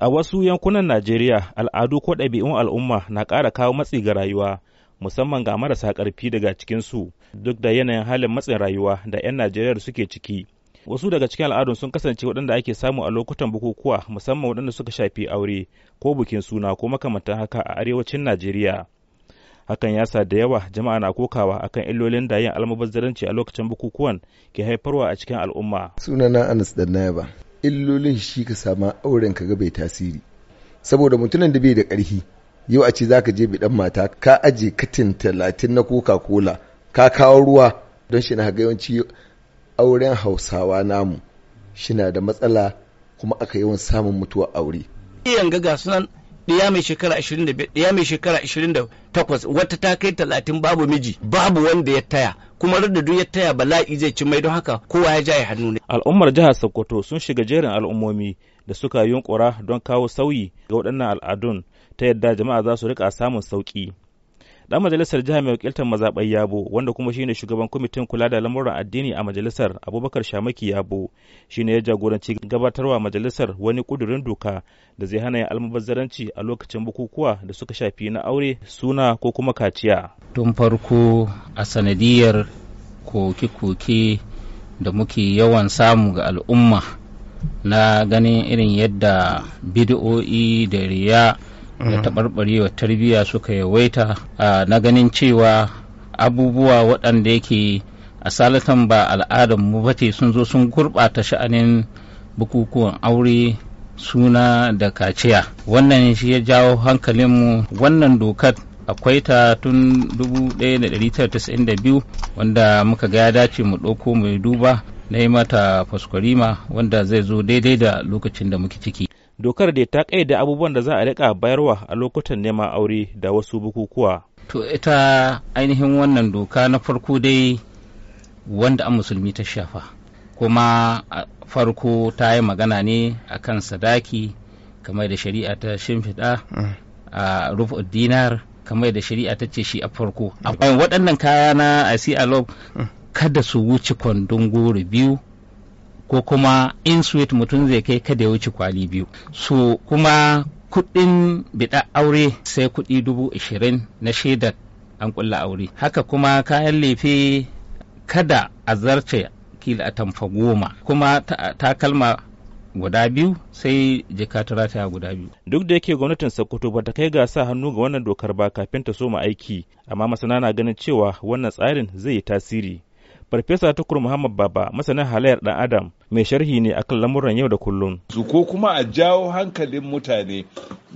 A wasu yankunan Najeriya, al'adu ko ɗabi'un al'umma na ƙara kawo matsi ga rayuwa, musamman ga marasa ƙarfi daga cikinsu, duk da yanayin halin matsin rayuwa da 'yan Najeriya suke ciki. Wasu daga cikin al'adun sun kasance waɗanda ake samu a lokutan bukukuwa, musamman waɗanda suka shafi aure ko bukin suna ko makamantan haka a arewacin Najeriya. Hakan ya sa da yawa jama'a na kokawa akan illolin da yin almubazzaranci a lokacin bukukuwan ke haifarwa a cikin al'umma. Sunana Anas Dannayaba. illolin shi ka sama auren ka ga bai tasiri saboda mutumin da bai da ƙarfi yau a ce za ka je ɗan mata ka aje katin talatin na coca cola ka kawo ruwa don shi na yawanci auren hausawa namu shi na da matsala kuma aka yawan samun mutuwa aure iyan ga nan ɗiya mai shekara 25 ɗiya mai shekara 28 wata ta kai 30 babu miji babu wanda ya taya kuma da duk ya taya bala'i zai ci mai don haka kowa ya jaye hannu ne. Al'ummar jihar Sokoto sun shiga jerin al'ummomi da suka yunkura don kawo sauyi ga waɗannan al'adun ta yadda jama'a za su rika samun sauƙi. ɗan majalisar jihar mai wakiltar mazaɓar Yabo wanda kuma shine shugaban kwamitin kula da lamuran addini a majalisar Abubakar Shamaki Yabo shine ya jagoranci gabatarwa majalisar wani ƙudurin doka da zai hana yin almubazzaranci a lokacin bukukuwa da suka shafi na aure suna ko kuma kaciya. Tun farko a sanadiyar koke-koke da muke yawan samu ga al'umma na ganin irin yadda bidi'o'i da riya da mhm. taɓarɓarewa tarbiyya suka yawaita na ganin cewa abubuwa waɗanda yake a ba al'adar mu bace sun zo sun gurɓata sha'anin bukukuwan aure suna da kaciya wannan shi ya jawo hankalinmu wannan dokar akwai ta tun 1992 wanda muka ga ya dace mu ɗauko mu duba na yi mata faskwarima wanda zai zo daidai da lokacin da muke ciki. Dokar da ta ƙaida abubuwan da za a riƙa bayarwa a lokutan neman aure da wasu bukukuwa. To ita ainihin wannan doka na farko dai wanda an musulmi ta shafa kuma farko ta yi magana ne a kan sadaki kamar da shari'a ta shimfiɗa mm. a rufu dinar kamar da shari'a ta ce shi a farko akwai waɗannan kaya na ICLOB kada su wuce kwandon goro biyu ko kuma in suit mutum zai kai kada ya wuce kwali biyu so kuma kuɗin biɗa aure sai kuɗi dubu ashirin na shaidar an ƙulla aure haka kuma kayan lefe kada a zarce kila a tamfa goma kuma takalma guda biyu sai jika ta rataya guda biyu. Duk da yake gwamnatin Sokoto ba ta kai ga sa hannu ga wannan dokar ba kafin ta soma aiki, amma masana na ganin cewa wannan tsarin zai yi tasiri. Farfesa Tukur Muhammad Baba masanin halayyar ɗan Adam mai sharhi ne a kan lamuran yau da kullum. Su ko kuma a jawo hankalin mutane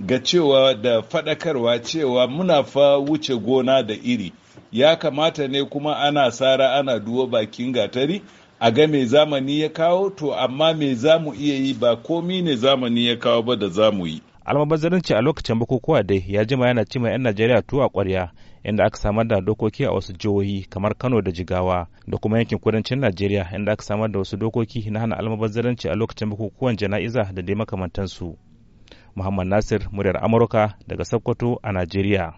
ga cewa da faɗakarwa cewa muna fa wuce gona da iri. Ya kamata ne kuma ana sara ana duwa bakin gatari a ga mai zamani ya kawo to amma me za mu iya yi ba komi ne zamani ya kawo ba da za mu yi almabazzaranci a lokacin bukukuwa dai ya jima yana cima 'yan najeriya tuwa kwarya inda aka samar da dokoki a wasu jihohi kamar kano da jigawa da kuma yankin kudancin najeriya inda aka samar da wasu dokoki na hana almabazzaranci a lokacin bukukuwan jana'iza da dai makamantansu muhammad nasir muryar amurka daga sokoto a najeriya